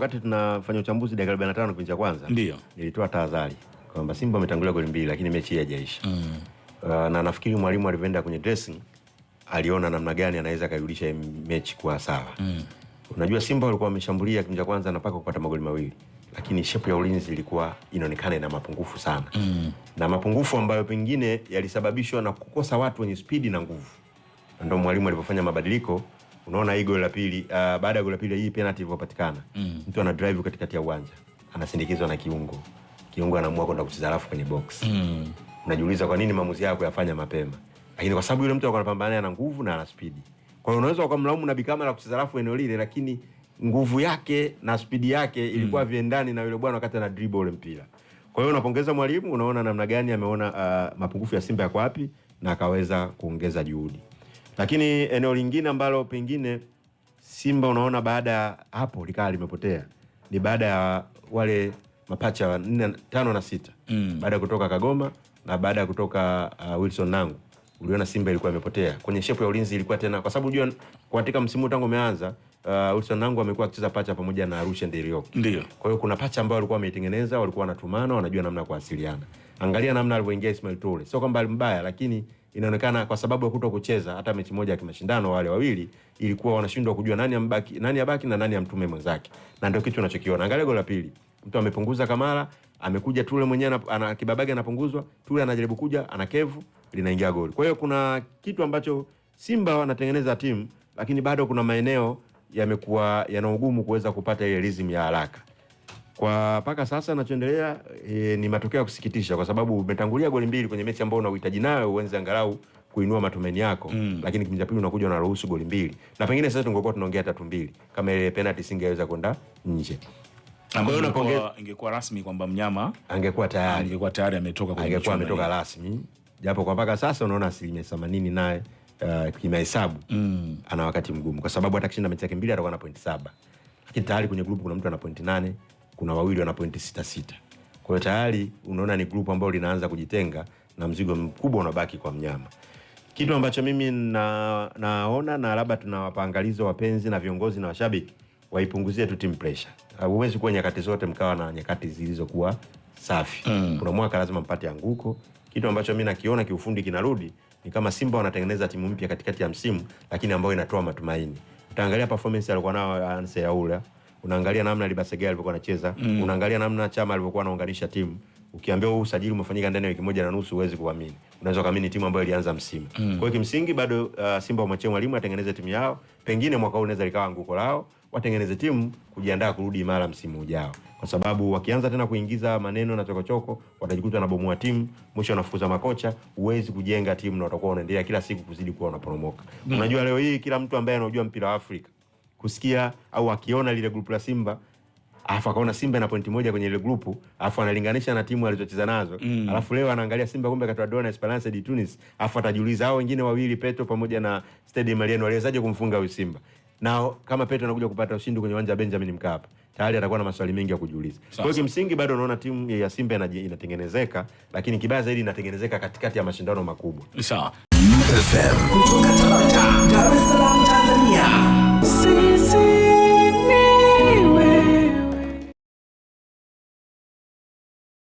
Wakati tunafanya uchambuzi dakika 45 kipindi cha kwanza, ndio nilitoa tahadhari kwamba Simba ametangulia goli mbili, lakini mechi hii haijaisha mm. Uh, na nafikiri mwalimu alivyoenda kwenye dressing aliona namna gani anaweza akarudisha mechi kwa sawa mm. Unajua Simba walikuwa wameshambulia kipindi cha kwanza na mpaka kupata magoli mawili, lakini shepu ya ulinzi ilikuwa inaonekana ina mapungufu sana mm. na mapungufu ambayo pengine yalisababishwa na kukosa watu wenye spidi na nguvu, ndio mwalimu alipofanya mabadiliko Unaona hii goli la pili, uh, baada ya goli la pili hii penalty ilipopatikana mm. mtu ana drive katikati ya uwanja anasindikizwa na kiungo, kiungo anaamua kwenda kucheza alafu kwenye box mm. Unajiuliza kwa nini maamuzi yako yafanya mapema, lakini kwa sababu yule mtu alikuwa anapambana na nguvu na ana speed. Kwa hiyo unaweza ukamlaumu Nabi Kamara kucheza alafu eneo lile, lakini nguvu yake na spidi yake mm. ilikuwa mm. viendani na yule bwana wakati ana dribble ule mpira. Kwa hiyo unapongeza mwalimu, unaona namna gani ameona uh, mapungufu ya Simba yako wapi na akaweza kuongeza juhudi. Lakini eneo lingine ambalo pengine Simba unaona baada ya hapo likawa limepotea ni baada ya wale mapacha wa nne, tano na sita mm. baada ya kutoka Kagoma na baada ya kutoka uh, Wilson Nangu uliona Simba ilikuwa imepotea kwenye shepu ya ulinzi, ilikuwa tena kwa sababu unajua katika msimu tangu umeanza uh, Wilson Nangu amekuwa akicheza pacha pamoja na Arusha Ndiriok. Ndio. Kwa hiyo kuna pacha ambao walikuwa wameitengeneza, walikuwa wanatumana, wanajua namna ya kuwasiliana. Angalia namna alivyoingia Ismail Toure, sio kwamba mbaya, lakini inaonekana kwa sababu ya kuto kucheza hata mechi moja ya kimashindano, wale wawili ilikuwa wanashindwa kujua nani ambaki, nani abaki na nani amtume mwenzake, na ndio kitu unachokiona. Angalia goli la pili, mtu amepunguza Kamara, amekuja Tule mwenyewe ana kibabage, anapunguzwa Tule, anajaribu kuja, ana kevu, linaingia goli. Kwa hiyo kuna kitu ambacho Simba wanatengeneza timu, lakini bado kuna maeneo yamekuwa yana ugumu kuweza kupata ile rhythm ya haraka. Kwa mpaka sasa anachoendelea e, eh, ni matokeo ya kusikitisha, kwa sababu umetangulia goli mbili kwenye mechi ambayo unauhitaji nayo uenze angalau kuinua matumaini yako mm. Lakini kipindi cha pili unakuja unaruhusu goli mbili, na pengine sasa tungekuwa tunaongea tatu mbili kama ile penalty singeweza kwenda nje ambayo ingekuwa rasmi kwamba mnyama angekuwa tayari ah, angekuwa tayari ametoka kwenye angekuwa ametoka rasmi, japo kwa mpaka sasa unaona asilimia themanini naye uh, eh, kimahesabu mm. ana wakati mgumu, kwa sababu hata kishinda mechi yake mbili atakuwa na pointi saba, lakini tayari kwenye grupu kuna mtu ana pointi nane kuna wawili wana pointi sita sita. Kwa hiyo tayari unaona ni grupu ambayo linaanza kujitenga na mzigo mkubwa unabaki kwa mnyama. Kitu ambacho mimi na, naona na labda tunawapaangaliza wapenzi na viongozi na washabiki waipunguzie tu team pressure. Huwezi kuwa nyakati zote mkawa na nyakati zilizokuwa safi. Mm. Kuna mwaka lazima mpate anguko. Kitu ambacho mimi nakiona kiufundi kinarudi ni kama Simba wanatengeneza timu mpya katikati ya msimu, lakini ambayo inatoa matumaini. Utaangalia performance alikuwa nayo Anse Yaula unaangalia namna Libasegea alivyokuwa anacheza mm. unaangalia namna Chama alivyokuwa anaunganisha timu. Ukiambiwa huu usajili umefanyika ndani ya wiki moja na nusu, huwezi kuamini. Unaweza kuamini timu ambayo ilianza msimu mm. kwa hiyo kimsingi bado uh, Simba wamwachie mwalimu atengeneze timu yao, pengine mwaka huu unaweza likawa nguko lao, watengeneze timu kujiandaa kurudi imara msimu ujao, kwa sababu wakianza tena kuingiza maneno na chokochoko watajikuta wanabomoa timu, mwisho wanafukuza makocha, huwezi kujenga timu na utakuwa unaendelea kila siku kuzidi kuwa unaporomoka mm. Unajua leo hii kila mtu ambaye anaujua mpira wa Afrika kusikia au akiona lile grupu la Simba alafu akaona Simba na pointi moja kwenye ile grupu, alafu analinganisha na timu alizocheza nazo mm. alafu leo anaangalia Simba kumbe katoa dola na Esperance de Tunis, alafu atajiuliza hao wengine wawili Petro pamoja na Stade Malien waliwezaje kumfunga huyu Simba? Na kama Petro anakuja kupata ushindi kwenye uwanja wa Benjamin Mkapa, tayari atakuwa na maswali mengi ya kujiuliza. Kwa hiyo kimsingi bado unaona timu ya Simba inatengenezeka, lakini kibaya zaidi inatengenezeka katikati ya mashindano makubwa. Sawa. FM